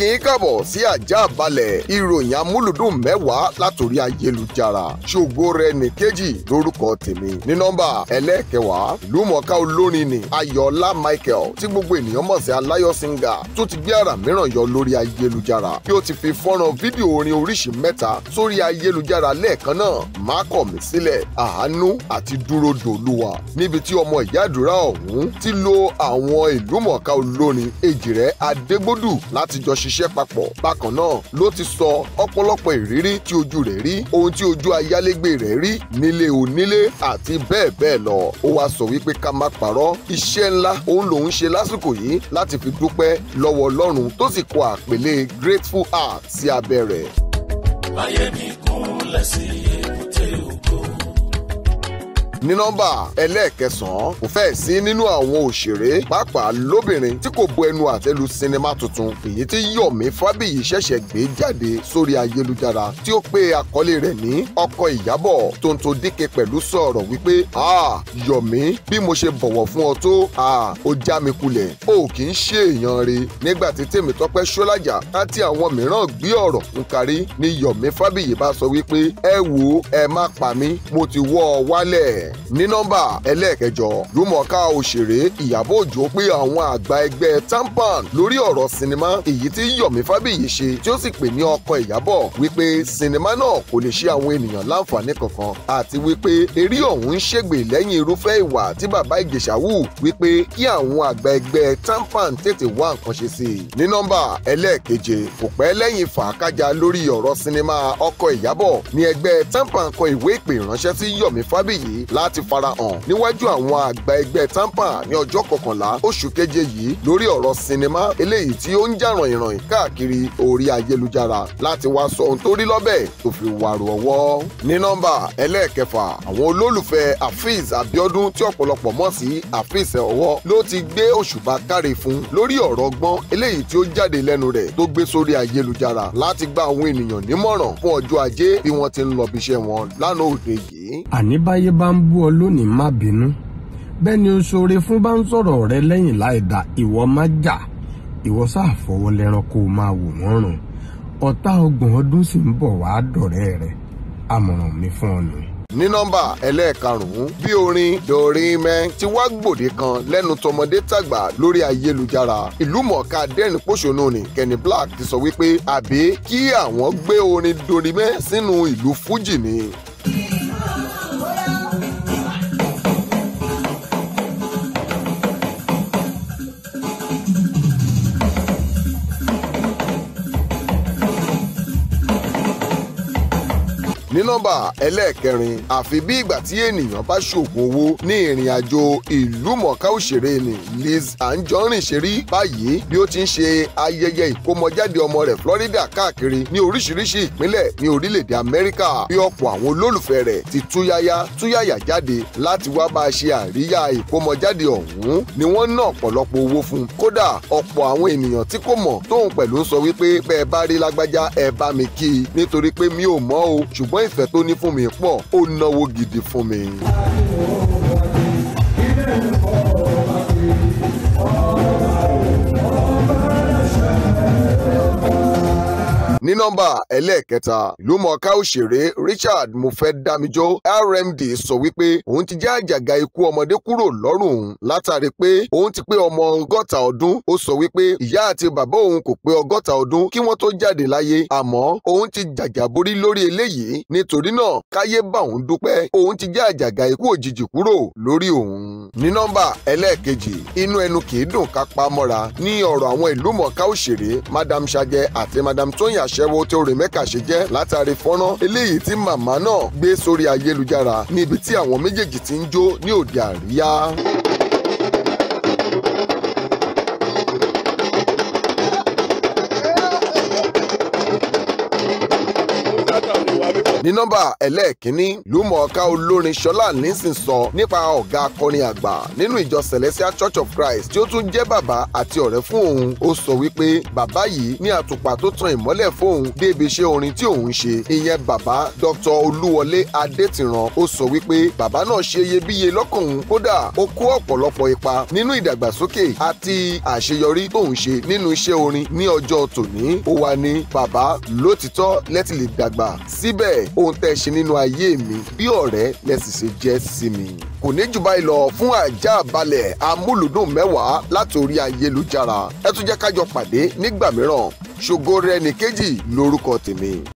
kí n káàbọ̀ sí àjà balẹ̀ ìròyìn amúlùdùn mẹ́wàá látòrí ayélujára ṣògo rẹ nìkejì lórúkọ tèmi ní nọ́mbà ẹlẹ́kẹwàá ìlúmọ̀ọ́ká olórin ni ayọ̀ọ́lá michael tí gbogbo ènìyàn mọ̀ sí aláyọ̀ singer tó ti gbé àrà mìíràn yọ lórí ayélujára bí ó ti fi fọ́nrán fídíò orin oríṣi mẹ́ta sórí ayélujára lẹ́ẹ̀kan náà má kọ̀ mí sílẹ̀ àánú àti dúró dòlúwa níbi tí ọmọ ìyáàdúrà ọ̀hún ti lo àwọn ìlúmọ̀ọ́ká olórin èjìrẹ́ adégbòdù láti jọ ṣ ṣiṣẹ́ papọ̀ bákan náà ló ti sọ ọ̀pọ̀lọpọ̀ ìrírí tí ojú rẹ̀ rí ohun tí ojú ayálégbé rẹ̀ rí nílé onílé àti bẹ́ẹ̀ bẹ́ẹ̀ lọ ó wáá sọ wípé ká má parọ́ iṣẹ́ ńlá òun lòun ṣe lásìkò yìí láti fi dúpẹ́ lọ́wọ́ Ọlọ́run tó sì kọ àpèlé grateful heart sí abẹ́ rẹ̀. báyẹ̀ mi kún lẹ́sìn ní nọ́mbà ẹlẹ́ẹ̀kẹsàn-án kò fẹ́ẹ̀ sí nínú àwọn òṣèré pàápàá lóbìnrin tí kò bu ẹnu àtẹ́ lu sinimá tuntun èyí tí Yọ̀mí Fábíyì ṣẹ̀ṣẹ̀ gbé jáde sórí ayélujára tí ó pe àkọlé rẹ̀ ní ọkọ Ìyábọ̀ Tonto Dike pẹ̀lú sọ̀rọ̀ wípé ah Yọ̀mí bí mo ṣe bọ̀wọ̀ fún ọ tó ah ó já mi kulẹ̀ o kì í ṣe èèyàn re nígbà tí Tèmítọ́pẹ́ Ṣọ́lájà àti àwọn mìíràn gbé ọ̀rọ̀ ń kárí ni Yọ̀mí Fábíyì bá sọ wípé ẹ wò ẹ má pa mí mo ti wọ́ ọ wálẹ̀ ní nọ́mbà ẹlẹ́ẹ̀kẹjọ rúmọ̀ọ́ká òṣèré ìyàbọ̀ òjó pé àwọn àgbà ẹgbẹ́ tampan lórí ọ̀rọ̀ sinimá èyí tí yọ̀mí fábíyì ṣe tí ó sì pè ní ọkọ ìyàbọ̀ wípé sinimá náà kò lè ṣe àwọn ènìyàn láǹfààní kankan àti wípé eré ọ̀hún ń ṣègbè lẹ́yìn irúfẹ́ ìwà tí bàbá ìjẹ̀ṣà hù wípé kí àwọn àgbà ẹgbẹ́ tampan tètè wá nǹkan ṣe sí i ní nọ́mbà ẹlẹ́ẹ̀keje kò pẹ́ lẹ́yìn fàákájà lórí ni ẹgbẹ́ tampan kọ ìwé ìpè ìránṣẹ́ láti farahàn níwájú àwọn àgbà ẹgbẹ́ tampan ní ọjọ́ kọkànlá oṣù keje yìí lórí ọ̀rọ̀ sinimá eléyìí tí ó ń jà rànyìnrànyìn káàkiri orí ayélujára láti wá sọ ohun tó rí lọ́bẹ̀ tó fi wàrò ọwọ́. ní nọ́mbà ẹlẹ́ẹ̀kẹfà àwọn olólùfẹ́ Afeez Abiodun tí ọ̀pọ̀lọpọ̀ mọ̀ sí Afeez ọwọ́ ló ti gbé òṣùbà káre fún lórí ọ̀rọ̀ ọgbọ́n eléyìí tí ó jáde lẹ́nu rẹ̀ tó gbé sórí ayélujára láti gba àwọn ènìyàn nímọ̀ràn fún ọjọ́ ajé bí wọ́n ti ń lọ bíṣẹ́ wọn lánàá òde yìí yìí. àní báyé bá ń bú ọ lónìí má bínú bẹ́ẹ̀ ni o ṣoore fún bá ń sọ̀rọ̀ rẹ lẹ́yìn láìda ìwọ má jà ìwọ sáà fọwọ́ lẹ́ran kó o máa wò wọ́n rùn ọ̀tá ọgbọ̀n ọdún sì ń bọ̀ wá dọ̀rẹ́ rẹ̀ àmọ̀ràn mi fún ọ ní nọ́mbà ẹlẹ́ẹ̀karùn bí orin dòrìmẹ́ ti wá gbòde kan lẹ́nu tọmọdé tàgbà lórí ayélujára ìlúmọ̀ọ́ká dẹ́rìn pòṣónú ni Kenny Black ti sọ wípé àbí kí àwọn gbé orin dòrìmẹ́ sínú ìlú fújì ni ní nọ́mbà ẹlẹ́ẹ̀kẹrin àfi bí ìgbà tí ènìyàn bá ṣògùn owó ní ìrìn àjò ìlú mọ̀ọ́ká òṣèré ni Liz Anjorin ṣe rí báyìí bí ó ti ń ṣe ayẹyẹ ìkómọjáde ọmọ rẹ̀ Florida káàkiri ní oríṣiríṣi ìpínlẹ̀ ní orílẹ̀-èdè Amẹ́ríkà bí ọ̀pọ̀ àwọn olólùfẹ́ rẹ̀ ti túyáyá túyáyà jáde láti wá bá a ṣe àríyá ìkómọjáde ọ̀hún ni wọ́n ná ọ̀pọ̀lọpọ̀ owó fún kódà ọ̀pọ̀ àwọn ènìyàn tí kò mọ̀ tóun pẹ̀lú sọ wípé bẹ́ẹ̀ bá rí lágbájá ẹ bá mi kí i nítorí pé mi ò mọ̀ o ṣùgbọ́n ìfẹ́ tó ní fún mi pọ̀ ó náwó gidi fún mi. nọ́mbà ẹlẹ́ẹ̀kẹta ìlúmọ̀ọ́ká òṣèré Richard Mufedamijo RMD sọ wípé òun ti já àjàgà ikú ọmọdé kúrò lọ́rùn látàrí pé òun ti pé ọmọ ọgọ́ta ọdún ó sọ wípé ìyá àti bàbá òun kò pé ọgọ́ta ọdún kí wọ́n tó jáde láyé àmọ́ òun ti jàjàborí lórí eléyìí nítorí náà káyé bá òun dúpẹ́ òun ti já àjàgà ikú òjijì kúrò lórí òun ní nọ́mbà ẹlẹ́ẹ̀kejì inú ẹnu kì í dùn ká pa mọ́ra ní ọ̀rọ̀ àwọn ìlú mọ̀ọ́ká òṣèré madam ṣagẹ àti madam tóyìn àṣẹwó tó rè mẹ́ka ṣe jẹ́ látàrí fọ́nrán eléyìí tí màmá náà gbé sórí ayélujára níbi tí àwọn méjèèjì ti ń jó ní òde àríyá. ní nọ́mbà ẹlẹ́ẹ̀kínní lùmọ̀ọ́ká olórin ṣọlá nísìn sọ nípa ọ̀gá akọrin àgbà nínú ìjọ celestial church of christ tí ó tún jẹ́ bàbá àti ọ̀rẹ́ fún òun ó sọ wípé bàbá yìí ní àtùpà tó tan ìmọ́lẹ̀ fóun débi iṣẹ́ orin tí òun ṣe ìyẹn bàbá dr olúwọlé adétìran ó sọ wípé bàbá náà ṣe iyebíye lọ́kàn òun kódà ó kó ọ̀pọ̀lọpọ̀ ipa nínú ìdàgbàsókè àti àṣeyọrí tóun ṣe nínú iṣẹ́ orin ní ọjọ́ tòní ó wà ní bàbá lótìtọ́ lẹ́tìlẹ̀ síbẹ̀ ohun tẹ́ ẹ ṣe nínú ayé mi bí ọ̀rẹ́ lẹ́sìn ṣe jẹ́ sí mi. kò ní jù báyìí lọ fún àjà balẹ̀ amúlùdùn mẹ́wàá látòrí ayélujára ẹ tún jẹ́ ká jọ pàdé nígbà mìíràn ṣògo rẹ̀ nìkejì lórúkọ tèmi.